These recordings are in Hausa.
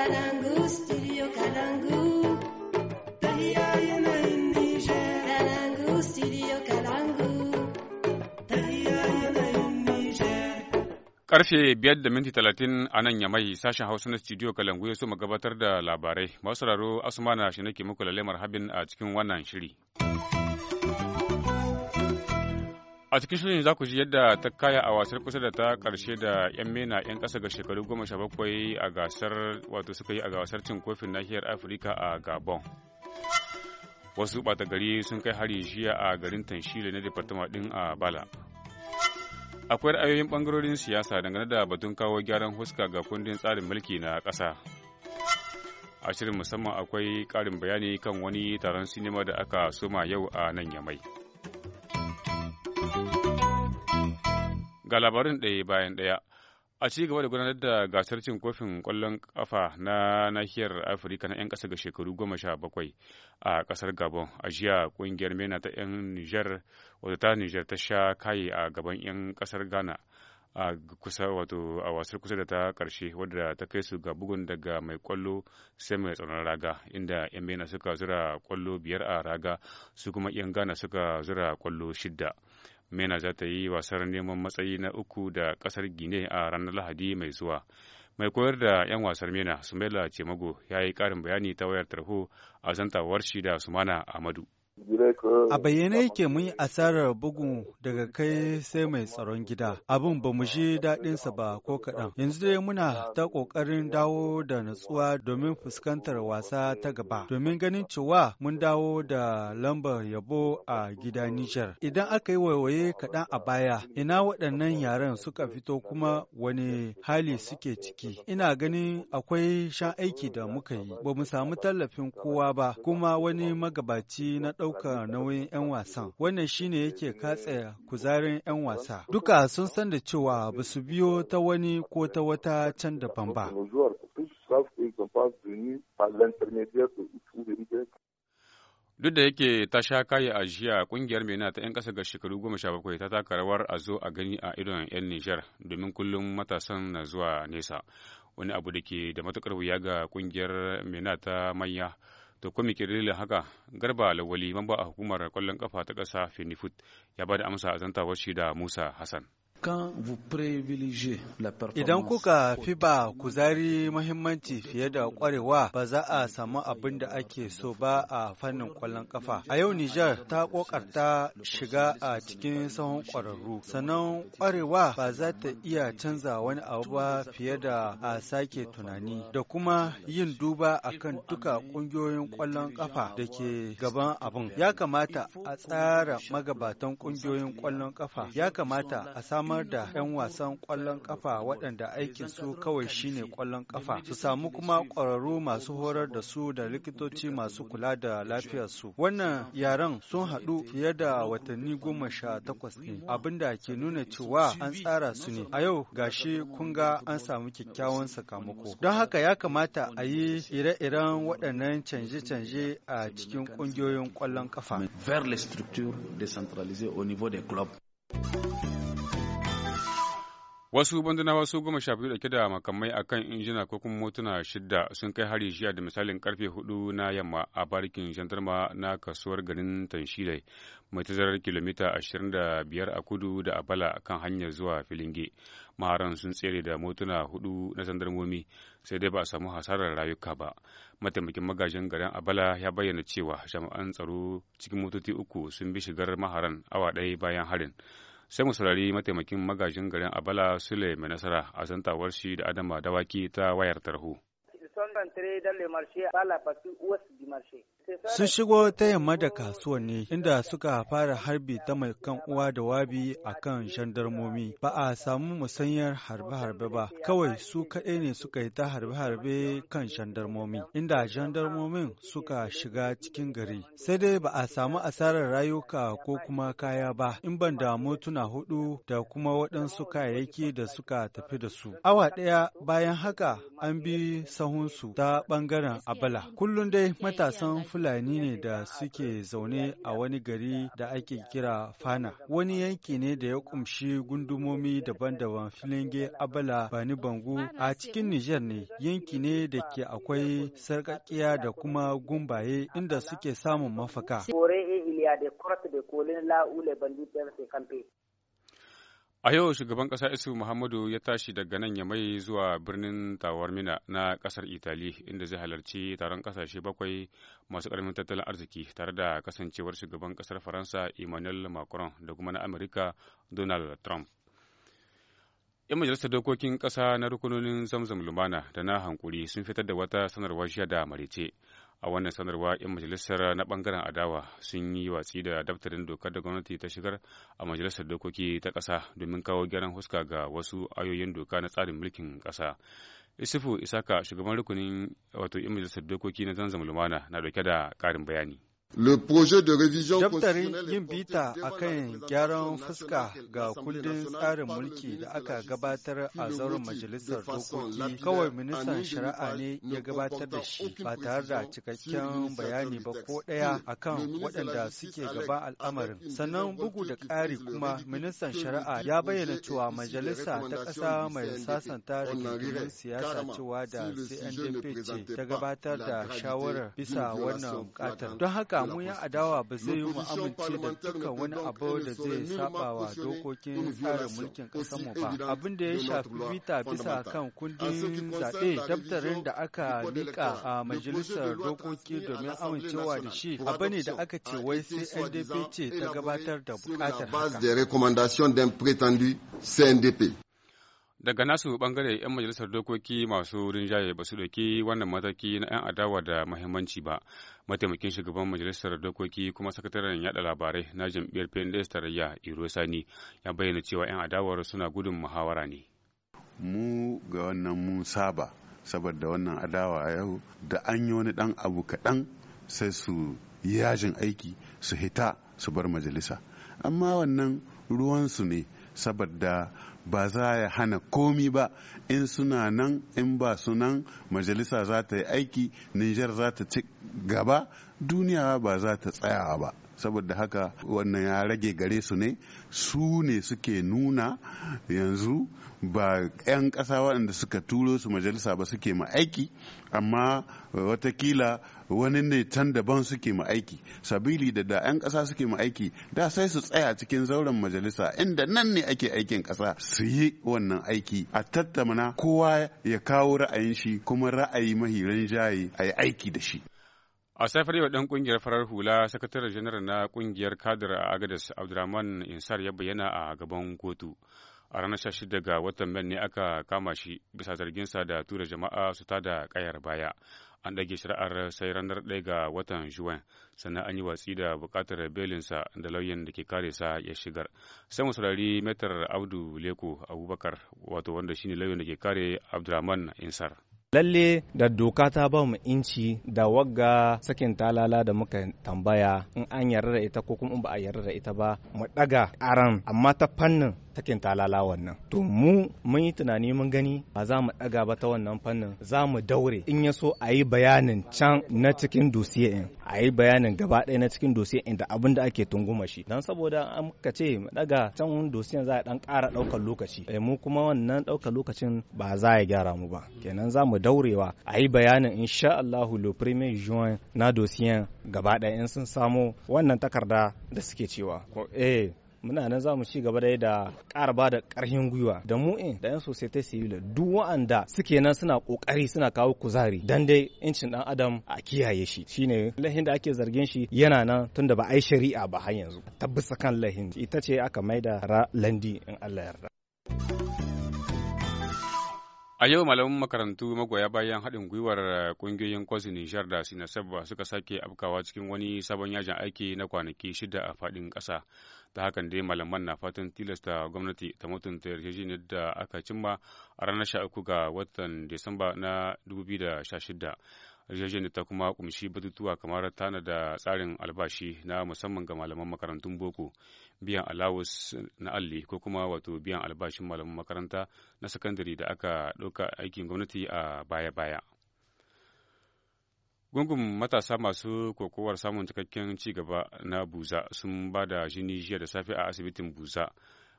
Kalangu, Karfe biyar da minti talatin a nan ya mai sashen Hausa na studio Kalangu ya so mu gabatar da labarai. Masu sauraro Asmana shi nake muku lalemar habin a cikin wannan shiri. a cikin shirin za ku ji yadda ta kaya a wasar kusa da ta karshe da 'yan mena 'yan kasa ga shekaru goma sha bakwai a gasar wato suka yi a gasar cin kofin nahiyar afirka a gabon wasu bata gari sun kai hari jiya a garin tanshile na departama ɗin a bala akwai ra'ayoyin bangarorin siyasa dangane da batun kawo gyaran huska ga kundin tsarin mulki na kasa. a shirin musamman akwai karin bayani kan wani taron sinima da aka soma yau a nan yamai. Ga labarin ɗaya bayan ɗaya. A ci gaba da gudanar da gasar cin kofin ƙwallon ƙafa na nahiyar Afirka na 'yan ƙasa ga shekaru goma sha bakwai a ƙasar Gabon. A jiya ƙungiyar MENA ta 'yan Nijar wata ta Nijar ta sha kaye a gaban 'yan ƙasar Ghana a kusa wato a wasar kusa da ta ƙarshe wadda ta kai su ga bugun daga mai kwallo sai mai tsaron raga inda 'yan MENA suka zura kwallo biyar a raga su kuma 'yan Ghana suka zura kwallo shidda. mena za ta yi wasar neman matsayi na uku da kasar gine a ranar lahadi mai zuwa mai koyar da 'yan wasar mena sumela cemago ya yi karin bayani ta wayar tarho a zantawar shi da sumana amadu A bayyane yake mun yi asarar bugu daga kai sai mai tsaron gida. Abin ba mu ji daɗinsa ba ko kaɗan. Yanzu dai muna ta ƙoƙarin dawo da natsuwa domin fuskantar wasa ta gaba. Domin ganin cewa mun dawo da lambar yabo a gida Nijar. Idan aka yi waiwaye kaɗan a baya, ina waɗannan yaren suka fito kuma wani hali suke ciki. Ina ganin akwai shan aiki da muka yi. Ba mu samu tallafin kowa ba, kuma wani magabaci na ɗau ɗauka nauyin 'yan wasan. Wannan shine yake katse kuzarin 'yan wasa. Duka sun san da cewa ba su biyo ta wani ko ta wata can daban ba. Duk da yake ta sha kaye a jiya kungiyar mena ta 'yan ƙasa ga shekaru goma sha bakwai ta taka rawar a zo a gani a idon 'yan Nijar domin kullum matasan na zuwa nesa. Wani abu da ke da matukar wuya ga kungiyar mena ta manya. to ko me dalilin haka garba lawali mamba a hukumar kwallon kafa ta ƙasa fenifut ya ba da amsa a zantawar shi da musa hassan Idan kuka fi ba kuzari muhimmanci fiye da ƙwarewa ba za a samu abin da ake so ba a fannin kwallon ƙafa. A yau Nijar ta ƙoƙarta shiga a cikin sahun ƙwararru. Sannan ƙwarewa ba za ta iya canza wani abu ba fiye da a sake tunani da kuma yin duba a kan duka ƙungiyoyin ƙwallon ƙafa da ke gaban abin. Ya kamata a tsara magabatan ƙungiyoyin ƙwallon ƙafa. Ya kamata a samu samar da 'yan wasan ƙwallon ƙafa waɗanda aikin su kawai shine ƙwallon ƙafa su samu kuma ƙwararru masu horar da su da likitoci masu kula da lafiyar su, wannan yaran sun haɗu fiye da watanni goma sha takwas ne abinda ke nuna cewa an tsara su ne a yau gashi kun ga an samu kyakkyawan sakamako don haka ya kamata a yi ire-iren waɗannan canje-canje a cikin ƙungiyoyin ƙwallon ƙafa vers les structures décentralisées au niveau des clubs. Wasu bandunawa su goma sha biyu dauke da makamai a kan injina ko kuma motuna shida sun kai hari jiya da misalin karfe hudu na yamma a barkin jandarma na kasuwar garin Tanshilai mai tazarar kilomita ashirin da biyar a kudu da abala kan hanyar zuwa Filinge. Maharan sun tsere da motuna hudu na zandarmomi sai dai ba a samu hasarar rayuka ba. Mataimakin magajin garin abala ya bayyana cewa jami'an tsaro cikin motoci uku sun bi shigar maharan awa ɗaya bayan harin. sai mu saurari mataimakin magajin garin abala sule mai nasara a santawar shi da adama dawaki ta wayar tarho. Sun shigo ta yamma da kasuwar ne, inda suka fara harbi ta mai kan uwa da wabi a kan shandarmomi. Ba a samu musanyar harbe-harbe ba, kawai su kaɗai ne suka yi ta harbe-harbe kan shandarmomi, inda shandarmomin suka shiga cikin gari. Sai dai ba a samu asarar rayuka ko kuma kaya ba, in ban da motuna hudu da kuma waɗansu kayayyaki da suka tafi da su. Awa ɗaya bayan haka an bi sahunsu ta bangaren abala. Kullum dai matasan Fulani ne da suke zaune a wani gari da ake kira Fana. Wani yanki ne da ya kumshi gundumomi daban-daban Filinge, Abala, Bani Bangu a cikin Nijar ne. Yanki ne da ke akwai sarkakiya da kuma gumbaye inda suke samun mafaka. A yau shugaban ƙasa Isu Muhammadu ya tashi daga nan ya mai zuwa birnin Tawarmina na ƙasar Itali inda zai halarci taron ƙasashe bakwai masu ƙaramin tattalin arziki tare da kasancewar shugaban ƙasar Faransa Emmanuel Macron da kuma na Amurka Donald Trump. 'Yan majalisar dokokin ƙasa na rukunonin zamzam lumana da na hankuri sun fitar da wata sanarwar jiya da marice a wannan sanarwa 'yan majalisar na bangaren adawa sun yi watsi da daftarin dokar da gwamnati ta shigar a majalisar dokoki ta ƙasa domin kawo gyaran huska ga wasu ayoyin doka na tsarin mulkin ƙasa isufu isaka shugaban rukunin wato 'yan majalisar dokoki na zanzan lumana na dauke da karin bayani Daftarin yin bita a kan gyaran fuska ga kundin tsarin mulki da aka gabatar a zauren majalisar dokoki kawai ministan shari'a ne ya gabatar da shi ba tare da cikakken bayani ba ko ɗaya a kan waɗanda suke gaba al'amarin. Sannan bugu da ƙari kuma ministan shari'a ya bayyana cewa majalisa ta ƙasa mai sasanta rigingimin siyasa cewa da CNDP ce ta gabatar da shawarar bisa wannan buƙatar. Don haka samu ya adawa ba zai yi mu amince da dukkan wani abu da zai saba wa dokokin tsarin mulkin kasanmu ba. Abin da ya shafi bita bisa kan kundin zaɓe daftarin da aka miƙa a majalisar dokoki domin amincewa da shi abu ne da aka ce wai sai NDP ce ta gabatar da buƙatar haka. daga nasu bangare 'yan majalisar dokoki masu rinjaye ba su ɗauki wannan mataki na 'yan adawa da mahimmanci ba mataimakin shugaban majalisar dokoki kuma sakataren yada labarai na jam'iyyar pnds tarayya iro sani ya bayyana cewa 'yan adawar suna gudun muhawara ne mu ga wannan mun saba saboda wannan adawa a yau da an yi wani dan abu kaɗan sai su yajin aiki su hita su bar majalisa amma wannan ruwansu ne saboda ba za ya hana komi ba in suna nan in ba su nan majalisa za ta yi aiki nijar za ta ci gaba duniya ba za ta tsaya ba saboda haka wannan ya rage gare su ne su ne suke nuna yanzu ba 'yan ƙasa waɗanda suka turo su majalisa ba suke ma aiki amma watakila wani ne can daban suke ma aiki sabili da da 'yan ƙasa suke ma aiki da sai su tsaya cikin zauren majalisa inda nan ne ake aikin ƙasa su yi wannan aiki a tattamana kowa ya kawo ra'ayin shi kuma ra'ayi mahiran jaye a yi aiki da shi A safar yau ɗan ƙungiyar farar hula sakataren janar na ƙungiyar kadir a Agadas Abdurrahman Insar ya bayyana a gaban kotu. A ranar 16 ga watan Mai ne aka kama shi bisa zarginsa da tura jama'a su ta da ƙayar baya. An ɗage shari'ar sai ranar 1 ga watan Juwan, sannan an yi watsi da buƙatar sa da lauyan da ke kare sa ya shigar. Sai mu saurari Metar Abdu Leko Abubakar, wato wanda shine lauyan da ke kare Abdurrahman Insar. lalle da doka ta ba mu inci da wagga sakin talala da muka tambaya in an yarda da ita ko kuma ba a yarda da ita ba mu daga aran amma ta fannin sakin talala wannan to mu mun yi tunani mun gani ba za mu daga ba ta wannan fannin za mu daure in ya so a yi bayanin can na cikin dosiye in a yi bayanin gaba ɗaya na cikin dosiye in da abin da ake tunguma shi don saboda an ka ce mu daga can dosiyan za a dan ƙara ɗaukar lokaci eh, mu kuma wannan ɗaukar lokacin ba za ya gyara mu ba kenan za mu daurewa a yi bayanin insha Allahu le premier juin na dossier gaba ɗaya in sun samo wannan takarda da suke cewa ko eh muna nan za mu ci gaba dai da ƙara ba da ƙarfin gwiwa da mu in da 'yan society civil duk wa'anda suke nan suna ƙoƙari suna kawo kuzari dan dai incin ɗan adam a kiyaye shi shine lahin da ake zargin shi yana nan tunda ba a yi shari'a ba har yanzu tabbisa kan lahin ita ce aka maida ra landi in Allah yarda. A yau malaman makarantu magoya bayan haɗin gwiwar eh, ƙungiyoyin kwasu Nijar da Sinasabba suka sake afkawa cikin wani sabon yajin aiki na kwanaki shida a faɗin ƙasa. Ta hakan dai malaman na fatan tilasta gwamnati ta mutunta yarjejeniyar da aka cimma a ranar 13 ga watan Disamba na 2016. Yarjejeniyar ta kuma kumshi batutuwa kamar tana da tsarin albashi na musamman ga malaman makarantun boko. biyan alawus na alli ko kuma wato biyan albashin malamin makaranta na sakandare da aka ɗauka aikin gwamnati a baya-baya. Gungun matasa masu kokowar samun cikakken ci gaba na buza sun ba da jini jiya da safe a asibitin buza.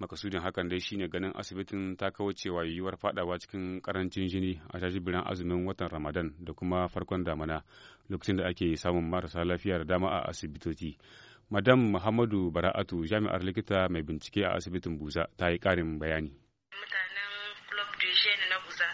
Makasudin hakan dai shine ganin asibitin ta kaucewa yiwuwar fadawa cikin karancin jini a jajibiran azumin watan Ramadan da kuma farkon damana lokacin da ake samun marasa lafiya da dama a asibitoci. madam muhammadu bara'atu jami'ar likita mai bincike a asibitin buza ta yi ƙarin bayani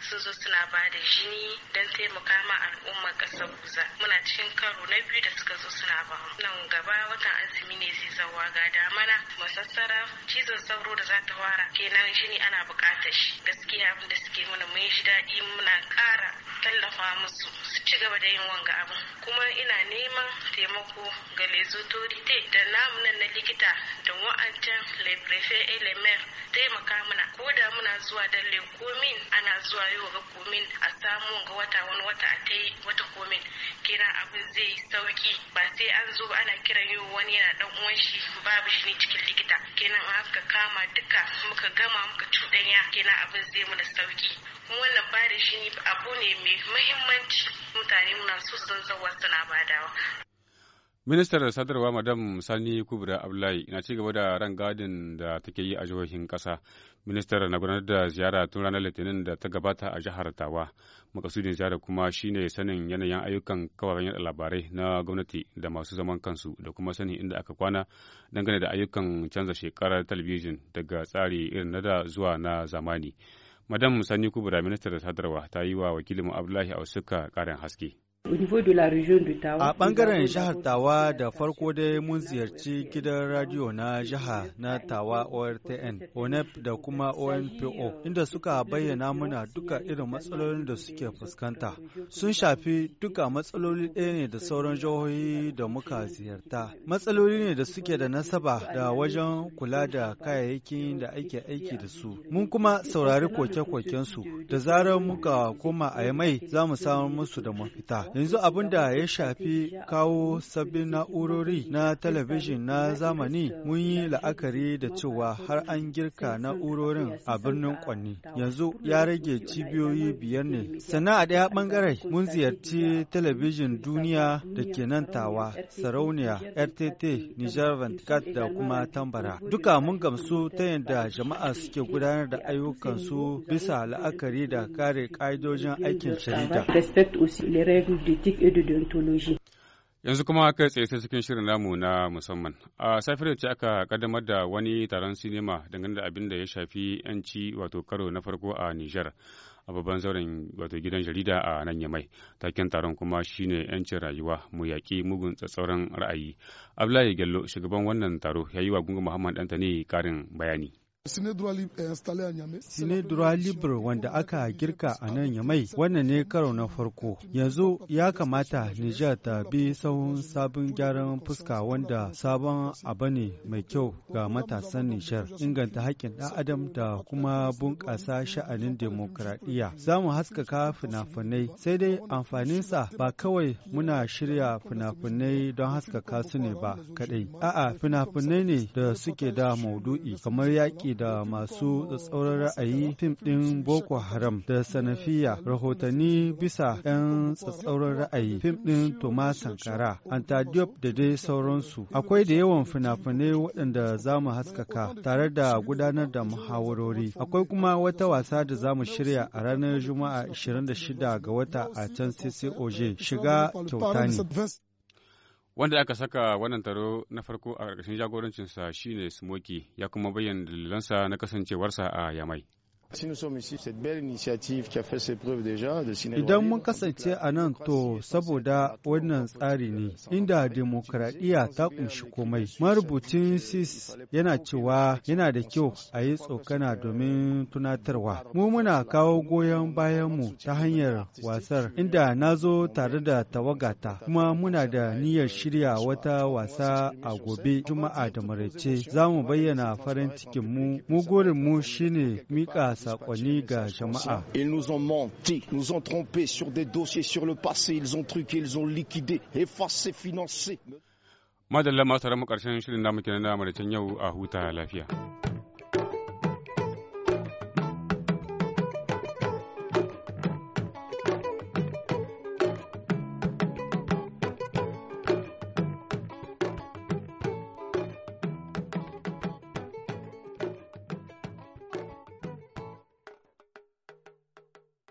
sun zo suna ba da jini don taimaka ma al'ummar ƙasar guza muna cikin karo na biyu da suka zo suna ba nan gaba watan azumi ne zai zawa ga damana masassara cizon sauro da za ta fara kenan jini ana buƙatar shi gaskiya abin da suke mana mun ji daɗi muna ƙara tallafa musu su ci gaba da yin wanga abin kuma ina neman taimako ga te. da namu nan na likita da wa'ancan le prefe taimaka mana ko da muna zuwa dalle komin ana zuwa yi wa komin a samu ga wata wani wata a ta wata komin kira abin zai sauki ba sai an zo ana kiran yi wani yana dan uwan shi babu shi ne cikin likita kenan an kama duka muka gama muka cuɗanya kenan abin zai mana sauki wannan ba da shi abu ne mai muhimmanci mutane muna so sun zawa suna badawa Ministar sadarwa Madam Sani Kubra Abdullahi na ci gaba da rangadin da take yi a jihohin kasa Ministar na gudanar da ziyara tun ranar Litinin da ta gabata a jihar Tawa. Makasudin ziyara kuma shine sanin yanayin ayyukan kafafen yada labarai na gwamnati da masu zaman kansu da kuma sanin inda aka kwana dangane da ayyukan canza shekarar talabijin daga tsari irin na da zuwa na zamani. Madam Sani Kubra Ministar sadarwa ta yi wa wakilin Abdullahi Ausuka ƙarin haske. A ɓangaren jihar Tawa da farko dai mun ziyarci gidan radiyo na jiha na Tawa ORTN, ONEP da kuma ONPO, inda suka bayyana muna duka irin matsalolin da suke fuskanta. Sun shafi duka matsaloli ɗaya ne da sauran jihohi da muka ziyarta. Matsaloli ne da suke da nasaba da wajen kula da kayayyakin da ake aiki da su. Mun kuma saurari koke-kokensu, da zarar muka koma a mai za mu samar musu da mafita. Yanzu abin da ya shafi kawo sabbin na'urori na talabijin na zamani mun yi la'akari da cewa har an girka na'urorin a birnin Kwanni. Yanzu ya rage cibiyoyi biyar ne. Sana'a a ɗaya ɓangare mun ziyarci talabijin duniya da ke nan tawa, sarauniya, RTT, niger 24 da kuma Tambara. Duka mun gamsu ta yadda jama'a suke gudanar da ayyukansu bisa la'akari da kare ƙa'idojin aikin shari'a. et Yanzu kuma kai tsaye sai cikin shirin namu na musamman. A safiyar ce aka kaddamar da wani taron sinima dangane da abin da ya shafi 'yanci wato karo na farko a Nijar a babban zauren wato gidan jarida a nan Yamai. Taken taron kuma shine 'yancin rayuwa mu yaƙi mugun tsatsauran ra'ayi. Abdullahi Gello shugaban wannan taro ya yi wa Gungun Muhammad Dantani karin bayani. Sine Dura eh, Libre wanda aka girka a nan Yamai wannan ne karo na farko. Yanzu ya kamata Nijar ta bi sahun sabon gyaran fuska wanda sabon abu ne mai kyau ga matasan Nijar, inganta haƙƙin ɗan adam da kuma bunƙasa sha'anin demokradiyya. Za mu haskaka fina-finai sai dai amfaninsa ba kawai muna shirya fina-finai don haskaka su ne ba kaɗai. A'a fina-finai ne da suke da maudu'i kamar yaƙi da masu tsatsauran ra'ayi fim ɗin Boko Haram da Sanafiya rahotanni bisa 'yan tsatsauran ra'ayi fim ɗin Thomas Sankara, Antadiop da dai sauransu. Akwai da yawan fina-finai waɗanda za mu haskaka tare da gudanar da muhawarori. Akwai kuma wata wasa da za mu shirya a ranar Juma'a 26 ga wata a can CCOJ shiga kyauta ne. Wanda aka saka wannan taro na farko a ƙarƙashin jagorancinsa shine smoky ya kuma bayyana dalilansa na kasancewarsa a Yamai. Idan mun kasance a nan to saboda wannan tsari ne, inda demokradiyya ta ƙunshi komai. Marubucin SIS yana cewa yana da kyau a yi tsokana domin tunatarwa. Mu muna kawo goyon bayanmu ta hanyar wasar, inda na zo tare da tawagata, kuma muna da niyyar shirya wata wasa a gobe Juma'a da Maraice. Za mu bayyana farin cikinmu, mu mu shine mika Ils nous ont menti, nous ont trompé sur des dossiers sur le passé, ils ont truqué, ils ont liquidé, effacé, financé.